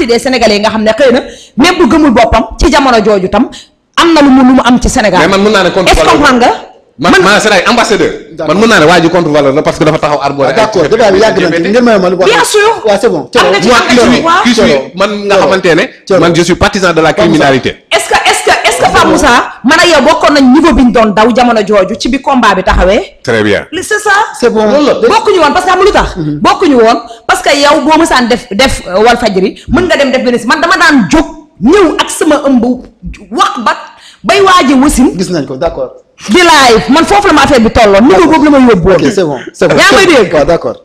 partie des sénégalais yi nga xam ne xëy na même gëmul boppam ci jamono jooju tam am na lu mu lu mu am ci Sénégal. mais man mën naa ne contre valeur la parce que dafa taxaw arboré. Ah, ay d'accord débat bi na ngeen am na ci man nga xamante man je partisan de la criminalité. est-ce que est-ce que est-ce man ak yow bokkoon nañ niveau bi ñu doon daw jamono jooju ci bi combat bi taxawee. très bien li c'est ça. c'est bon loolu bokkuñu woon parce que am lu tax. Mhm. bokkuñu woon parce que yow boo mësaan def def euh, Walfadjri mën nga dem def benn man dama daan jóg ñëw ak sama ëmb wax ba bay waaji wasin. gis nañ ko d'accord. di live man foofu la ma affaire bi tolloon. d'accord niveau boobu la ma yóbbu woon. ok yaa may dégg. d'accord.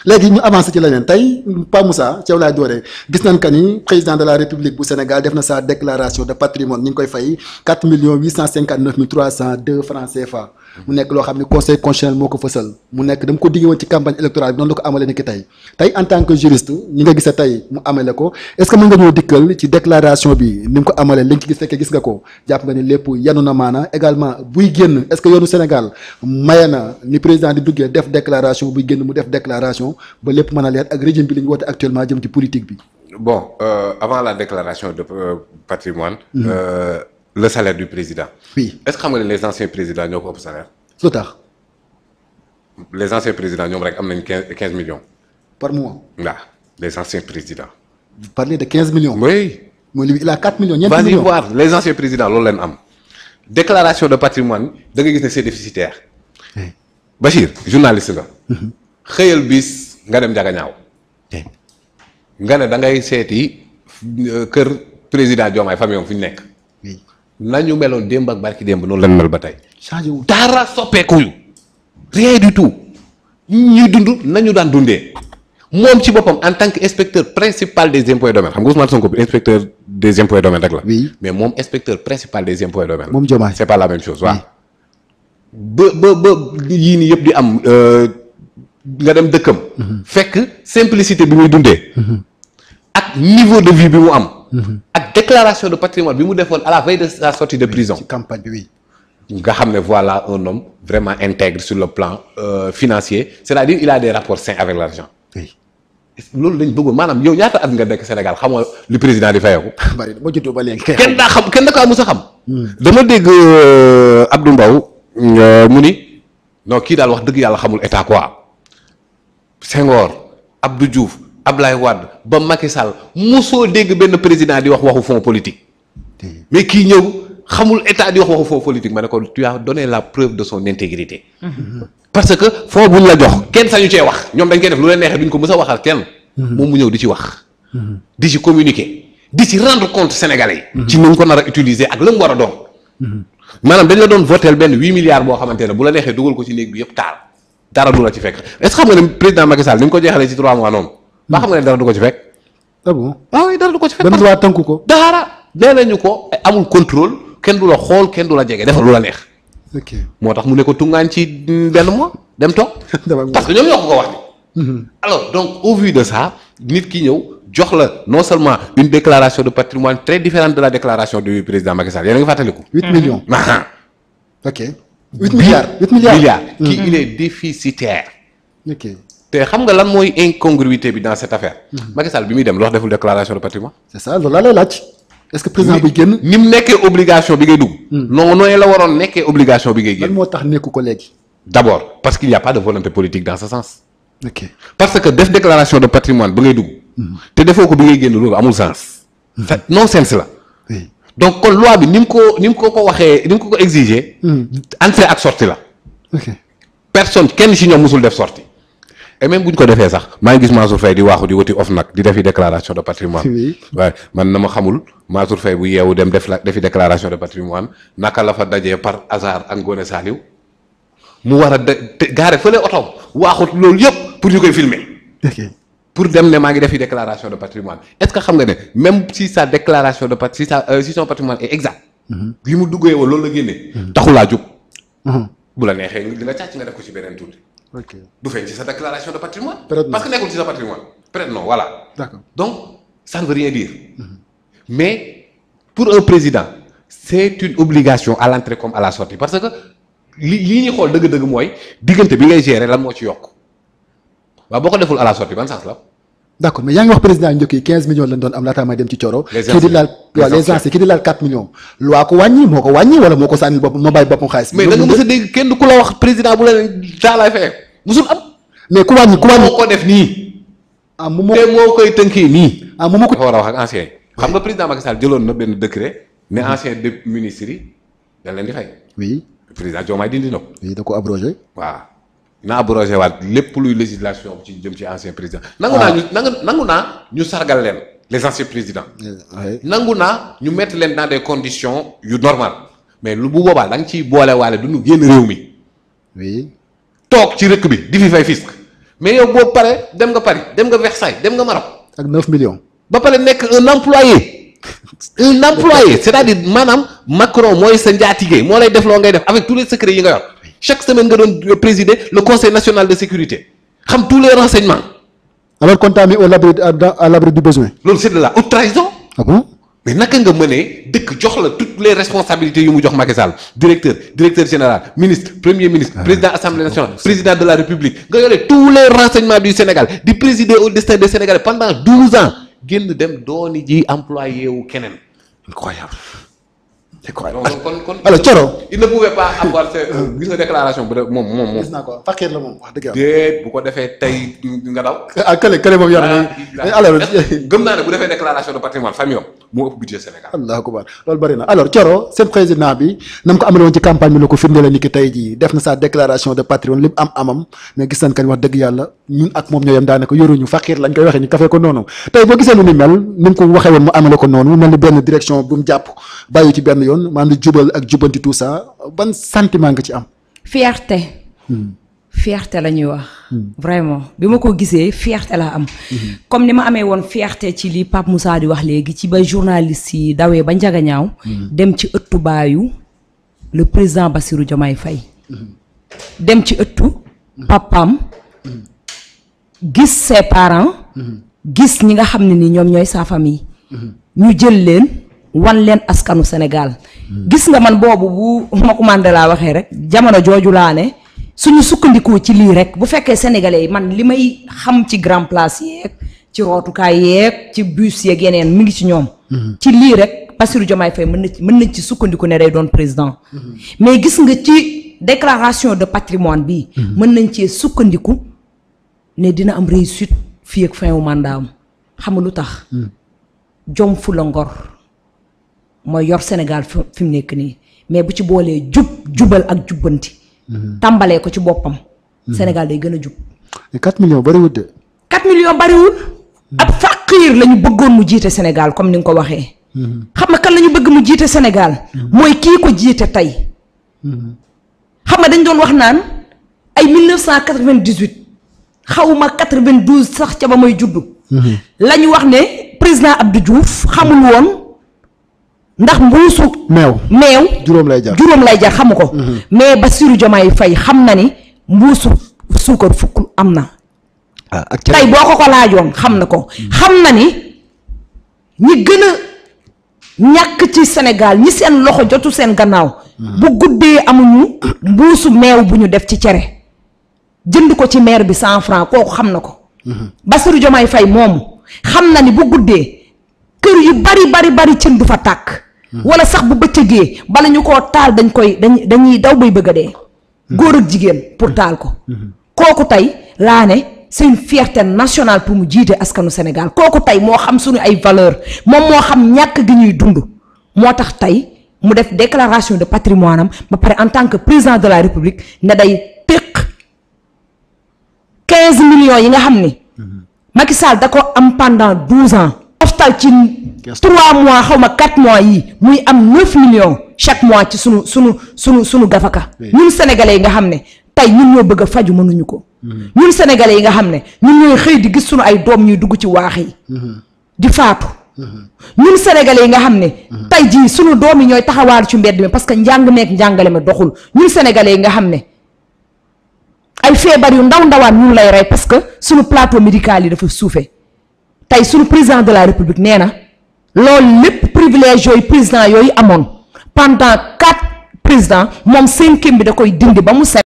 léegi ñu avancé ci leneen tey Pa Moussa ci yow dooree gis nañ que ni président de la république bu Sénégal def na sa déclaration de patrimoine ñu ngi koy fay 4 millions 859 mille 302 francs CFA. mu nekk loo xam ne conseil constitutionnel moo ko fësal mu nekk dama ko digge woon ci campagne électorale bi noonu la ko amalee ni tey tey en tant que juriste ñi nga gisee tey mu amale ko est-ce que mën nga ñoo dikkal ci déclaration bi ni ko amalee li nga gis fekkee gis nga ko jàpp nga ni lépp yanu na maana également buy génn est-ce que yoonu Sénégal maye na ni président di duggee def déclaration buy génn mu def déclaration ba lépp mën a leer ak régime bi li ñu woote actuellement jëm ci politique bi bon euh, la déclaration de euh, patrimoine mm-hmm. euh, le salaire du président. oui est-ce que xam nga ne les anciens présidents ñoo ko ëpp salaire. lu tax. les anciens présidents ñoom rek am nañ quinze quinze millions. par mois. waaw les anciens présidents. vous parlez de quinze millions. oui. mooy lui il a quatre millions. ñeenti millions va voir les anciens présidents loolu leen am. déclaration de patrimoine da nga gis ne c'est déficitaire. Bachir journaliste nga. Mhm. xëyal bis nga dem jaga ñaaw. nga ne da ngay seeti euh, kër président Diomaye famille am fu ñu nekk. nañu meloon démb ak barki démb noonu lan mel ba tey changé wu dara soppeekuñu rien du tout ñuy dund nañu daan dundee moom ci boppam en tant que inspecteur principal des impôts et domaines xam nga Ousmane Sonko bi inspecteur des impôts et domaines rek la. oui mais moom inspecteur principal des impôts et domaines. moom Diomaye c'est ba ba ba yii yëpp di am euh, nga dem dëkkam. Mhm. fekk simplicité bi muy dundee. Mhm. ak niveau de vie bi mu am. Mhm. déclaration de patrimoine bi mu defoon à la veille de sa sortie de prison nga xam ne voilà un homme vraiment intègre sur le plan euh, financier c'est-à-dire il a des rapports sains avec l'argent loolu lañ bëggoon maanaam yow ñaata at nga dekk Sénégal xamoo li président di fayeeku. bari ba jotoo ba léegi kenn daa xam kenn da ko amus xam. Hmm. dama dégg euh, Abdou mbaw mu ni no kii daal wax dëgg yàlla xamul état quoi. Senghor Abdou Diouf Ablaye Wade ba Macky Sall mosoo dégg benn président di wax waxu fonds politique mais kii ñëw xamul état di wax waxu fonds politique ma ne ko tu as la preuve de son intégrité. Mm-hmm. parce que fonds buñ la jox kenn sañu cee wax ñoom dañ koy def lu leen neexee duñ ko mës a waxal kenn. Mm-hmm. moom mu ñëw di ci wax. Mm-hmm. di ci communiquer di ci rendre compte sénégalais yi. ci nu mu ko nar a utiliser ak la mu war a doon. maanaam dañ la doon votel benn huit milliards boo xamante ne bu la neexee dugal ko ci xam ba xam nga ne dara du ko ci fekk. ah bon ah dara du ko ci fekk. benn loi tënku ko daara nee nañu ko amul contrôle kenn du la xool kenn du la jege defal lu la neex. ok moo tax mu ne ko tungaan ci benn mois dem toog. parce que ñoom ñoo ko ko wax ni mhm. alors donc au vu de ça nit ki ñëw jox la non seulement une déclaration de patrimoine très différent de la déclaration du président Macky Sall yéen a ngi fàttaliku. 8 mhm. millions ah ah. ok. 8 milliards 8 milliards. Mhm. te xam nga lan mooy incongruité bi dans cette affaire. Mhm. Macky Sall bi muy dem loo wax deful déclaration de patrimoine. c'est ça loolu laa lay laaj. est-ce que président génn. ni mu nekkee obligation bi ngay dugg. Mhm. non nooy la waroon nekkee obligation bi ngay génn. lan moo tax nekku ko léegi. d'abord parce que n'y a pas de volonté politique dans ce sens. parce que def déclaration de patrimoine ba ngay dugg. Mhm. te defoo ko bi ngay génn loolu amul sens. non sens la. oui donc kon loi ni mu ko ni mu ko ko waxee ni mu ko ko exiger. entrée ak sortie la. ok personne kenn ci ñoom musul def sortie et bu ñu ko defee sax maa ngi gis Mansour Faye di waaxu di wuti OFNAC di defi déclaration de patrimoine waaye man na ma xamul Mansour Faye bu yeewu dem def la defi déclaration de patrimoine naka la fa dajee par hasard ak Ngoné Saliou mu war a de gaare fële otoom waaxut loolu yëpp pour ñu koy filmer pour dem ne maa ngi defi déclaration de patrimoine est-ce que xam nga ne même si sa déclaration de pat si sa euh, si son patrimoine est exact li mhm. mu duggee woon loolu la génnee mhm. taxulaa jóg mhm. bu la neexee dina càcc nga def ko beneen tuuti ok du feeñ ci sa déclaration de patrimoine parce que nekkul ci sa patrimoine peut-être non voilà. donc ça ne veut rien dire. Mhm. mais pour un président c'est une obligation à l'entrée comme à la sortie parce que li li ñuy xool dëgg-dëgg mooy diggante bi ngay gérer lan moo ci yokk waaw boo ko deful à la sortie ban sens la. d' accord mais yaa ngi wax président yu njëkk yi 15 millions lañ doon am laataa may dem ci Coro. les anciens kii di laal waaw di laal 4 millions. lu ko wàññi moo ko wàññi wala moo ko sànni boppam moo bàyyi boppam xaalis. mais da a dégg kenn ku la wax président bu leen taalaay fee musul am. mais ku wàññi ku wàññi moo ko def nii. ah mu moo te moo koy tënkee nii. ah moo ko dafa war a wax ak anciens yi. xam nga président Macky Sall jëloon na benn décret. ne anciens ministres yi dañ leen di fay. oui président na ko. oui da ko na abrogé waat lépp luy législation ci jëm ci ancien président. nangu naa ah. ñu nangu naa ñu sargal leen les anciens président eh, nangu naa ñu mettre leen dans des conditions yu normal mais lu bu boobaal da nga ciy boole waale du ñu génn réew mi. toog ci rëkk bi di fi fay fisc mais yow boo pare dem nga Paris dem nga Versailles dem nga Maroc. ak 9 millions. ba pare nekk un employé un employé c'est-à-dire maanaam Macron mooy sa njaatige moo lay def loo ngay def avec tous yi nga yor. chaque semaine nga doon présider le conseil national de sécurité xam tous les renseignements. alors qu'on t'a mis au l'abri à l'abri du besoin. loolu c'est de la haute trahison. Ah mais naka nga mënee dëkk jox la toutes les responsabilités yu mu jox Macky Sall directeur directeur général ministre premier ministre. Ah, président assemblée nationale président de la république. nga yore tous les renseignements du Sénégal di présider au destin des Sénégalais pendant douze ans génn dem dooni keneen c'est correct kon kon alors Thioro. il ne pouvait pas avoir euh, gis nga bu de moom moom moom. gis naa ko fakkiir la moom wax dëgg yàlla. déet bu ko defee tey du nga daw. ah kële kële moom yor ah, na. alors gëm naa ne bu defee déclaration de patrimoine famille moo ëpp budget loolu bëri na alors Thioro seen président bi na mu ko amaloon ci campagne bi la ko firndeel ni ki tey jii def na sa déclaration de patrimoine li mu am amam mais gis nañ kañ wax dëgg yàlla ñun ak moom ñoo yem daanaka yoruñu faqiir lañ koy waxee ñu kafee ko noonu tey boo gisee lu ni mel ni mu ko waxee woon mu amale ko noonu mel ni benn direction bu mu jàpp bàyyi ci benn yoon maanaam jubal ak jubanti tout ban sentiment nga ci am. fierté. Hmm. fierté la ñuy wax. Hmm. vraiment bi ma ko gisee feexte la am. Hmm. comme ni ma amee woon feexte ci li Pape Moussa di wax léegi ci ba journaliste yi dawee ba njaga ñaaw hmm. dem ci ëttu baayu le président Bassirou Diomaye Faye dem ci ëttu. papaam. gis ses parents. gis ñi nga xam ne ni ñoom ñooy sa famille. ñu jël leen. wan leen askanu Sénégal. gis nga man boobu bu ma ko waxee rek jamono jooju laa ne. suñu sukkandikoo ci lii rek bu fekkee sénégalais yi man li may xam ci grand place yeeg ci rootukaay yeeg ci bus yeeg yeneen mu ngi ci ñoom. Mhm. ci lii rek Bassirou Diomaye Faye mën na ci mën nañ ci sukkandiku ne day doon président. Mhm. mais gis nga ci déclaration de patrimoine bi. Mhm. mën nañ cee sukkandiku ne dina am réussite fii ak fin wu mandat am xam nga lu tax. jom fu la ngor mooy yor Sénégal fi mu nekk nii mais bu ci boolee jub jubal ak jubbanti. tàmbalee ko ci boppam. Sénégal day gën a jub. 4 millions bariwul de. 4 millions bariwul. ab hmm. faqiir la ñu bëggoon mu jiite Sénégal comme ni nga ko waxee. Hmm. xam nga kan lañu bëgg mu jiite Sénégal. Hmm. mooy kii ko jiite tey. xam nga dañ doon wax naan ay 1998 xawma 92 sax ca ba may juddu. la ñu wax ne président Abdou Diouf xamul woon. ndax mbuusu. meew meew. juróom lay jar juróom lay jar xamu ko. Mm-hmm. mais Bassirou Diomaye fay xam na ni mbuusu suukar fukk am na. Ah, ak tey boo ko ko laajoon xam na ko. Mm-hmm. xam na ni ñi gën a ñàkk ci senegal ñi seen loxo jotu seen gannaaw. Mm-hmm. bu guddee amuñu mbuusu meew bu ñu def ci cere. jënd ko ci maire bi cent franc kooku xam na ko. Bassirou Diomaye Faye moomu xam na ni bu guddee. kër yu bari bari bari cin du fa tàkk wala sax bu bëccëgee bala ñu koo taal dañ koy dañ dañuy daw bay bëgg a dee. góor jigéen pour taal ko. kooku tey laa ne seen une national nationale pour mu jiite askanu Sénégal kooku tey moo xam suñu ay valeur moom moo xam ñàkk gi ñuy dund moo tax tey mu def déclaration de patrimoine am ba pare en tant que président de la république nga day téq 15 millions yi nga xam ni. Mm-hmm. Macky da ko am pendant 12 ans. toftal ci. trois mois xaw ma quatre mois yi muy am neuf millions chaque mois ci sunu sunu sunu sunu gafaka ñun sénégalais yi nga xam ne tey ñun ñoo bëgg a faju mënuñu ko mhm. ñun sénégalais yi nga xam ne ñun ñooy xëy di gis sunu ay doom ñuy dugg ci waax yi mhm. di faatu mhm. ñun sénégalais yi nga xam ne tey ji sunu doom yi ñooy taxawaaru ci mbedd mi parce que njàng meek njàngale ma doxul ñun sénégalais yi nga xam ne ay feebar yu ndaw ndawaan ñun lay rey parce que sunu plateau médical yi dafa suufe tey sunu président de la république nee na loolu lépp privilège yooyu président yooyu amoon pendant quatre présidents moom cinquième bi da koy dindi ba mu set